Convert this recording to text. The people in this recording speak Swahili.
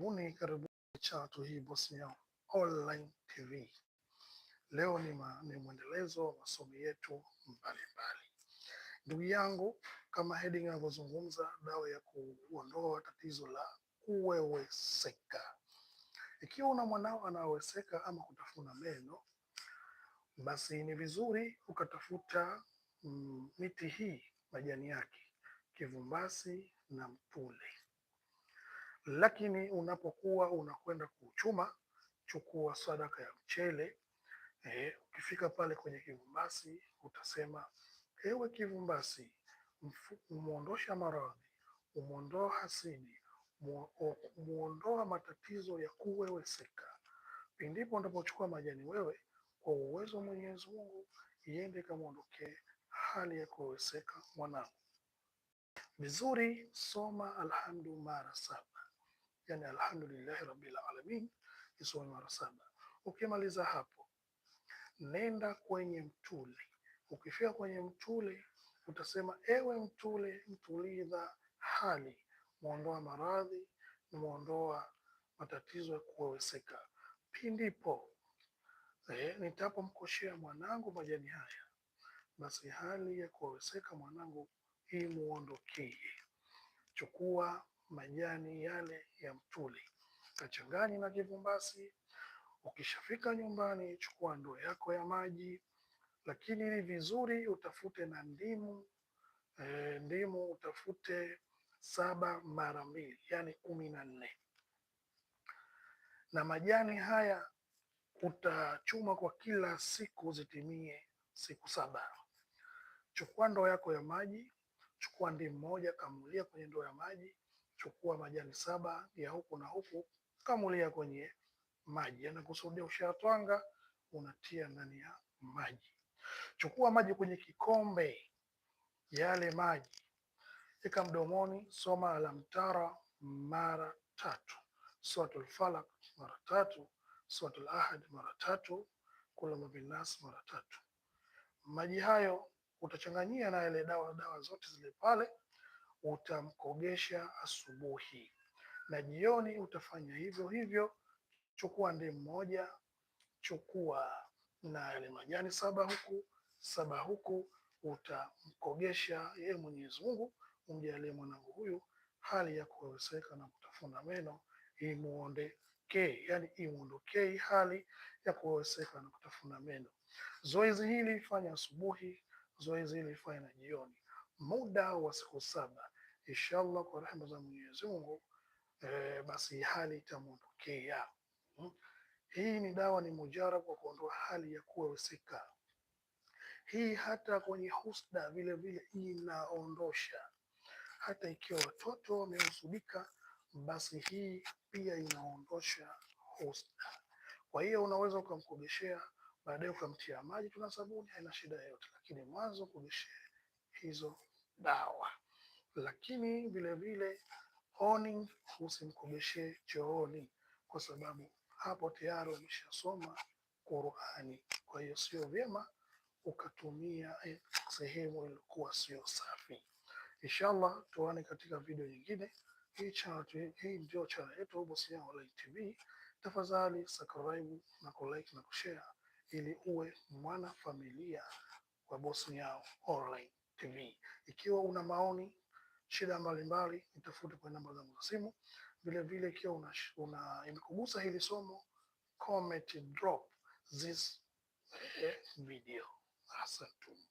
Karibuni, karibuni Chato hii Bosnia Online TV. Leo ni, ma, ni mwendelezo wa masomo yetu mbalimbali. Ndugu yangu, kama heading inavyozungumza, dawa ya kuondoa tatizo la kuweweseka. Ikiwa una mwanao anaweseka ama kutafuna meno, basi ni vizuri ukatafuta mm, miti hii majani yake, kivumbasi na mpule lakini unapokuwa unakwenda kuuchuma, chukua sadaka ya mchele eh. Ukifika pale kwenye kivumbasi utasema, ewe kivumbasi, umwondosha maradhi, umwondoa hasidi, muondoa matatizo ya kuweweseka. Pindipo unapochukua majani wewe, kwa uwezo wa Mwenyezi Mungu, iende kamwondokee hali ya kuweweseka mwanangu. Vizuri, soma alhamdu mara saba yani alhamdulillahi rabbil alamin, isome mara saba. Ukimaliza hapo, nenda kwenye mtuli. Ukifika kwenye mtuli, utasema ewe mtule, mtuliza hali, muondoa maradhi, muondoa matatizo ya kuweweseka. Pindipo eh, nitapomkoshea mwanangu majani haya, basi hali ya kuweweseka mwanangu imuondokee. Chukua majani yale ya mtuli, kachanganya na kivumbasi. Ukishafika nyumbani, chukua ndoo yako ya maji, lakini ni vizuri utafute na ndimu e, ndimu utafute saba mara mbili, yani kumi na nne na majani haya utachuma kwa kila siku zitimie siku saba. Chukua ndoo yako ya maji, chukua ndimu moja, kamulia kwenye ndoo ya maji, chukua majani saba ya huku na huku, kamulia kwenye maji, yanakusudia ushatwanga, unatia ndani ya maji. Chukua maji kwenye kikombe, yale maji eka mdomoni, soma alamtara mara tatu, suratul falak mara tatu, suratul ahad mara tatu, kul huwa mara tatu. Maji hayo utachanganyia na ile dawa dawa zote zile pale utamkogesha asubuhi, na jioni utafanya hivyo hivyo. Chukua ndimu moja, chukua na yale majani saba huku saba huku, utamkogesha yeye. Mwenyezi Mungu umjalie mwanangu huyu hali ya kuweseka na kutafuna meno imuondekee, yani imuondokee hali ya kuweseka na kutafuna meno. Zoezi hili fanya asubuhi, zoezi hili fanya na jioni muda wa siku saba, inshallah kwa rehema za Mwenyezi Mungu e, basi hali itamwondokea. Hmm? Hii ni dawa ni mujarabu kwa kuondoa hali ya usika. Hii hata kwenye husda vilevile inaondosha, hata ikiwa watoto wamehusudika, basi hii pia inaondosha husda. Kwa hiyo unaweza ukamkogeshea baadaye ukamtia maji, tuna sabuni, haina shida yoyote, lakini mwanzo kogeshea hizo dawa, lakini vilevile oni usimkobeshe chooni, kwa sababu hapo tayari umeshasoma Qurani. Kwa hiyo sio vyema ukatumia eh, sehemu iliyokuwa sio safi. Inshallah, tuone katika video nyingine. Hii ndio channel yetu Bosnia Online TV. Tafadhali subscribe na kulike na kushare ili uwe mwana familia wa Bosnia Online TV. Ikiwa una maoni, shida mbalimbali, nitafute kwenye namba zangu za simu. Vilevile ikiwa una, una imekugusa hili somo, comment drop this eh, video. Asante.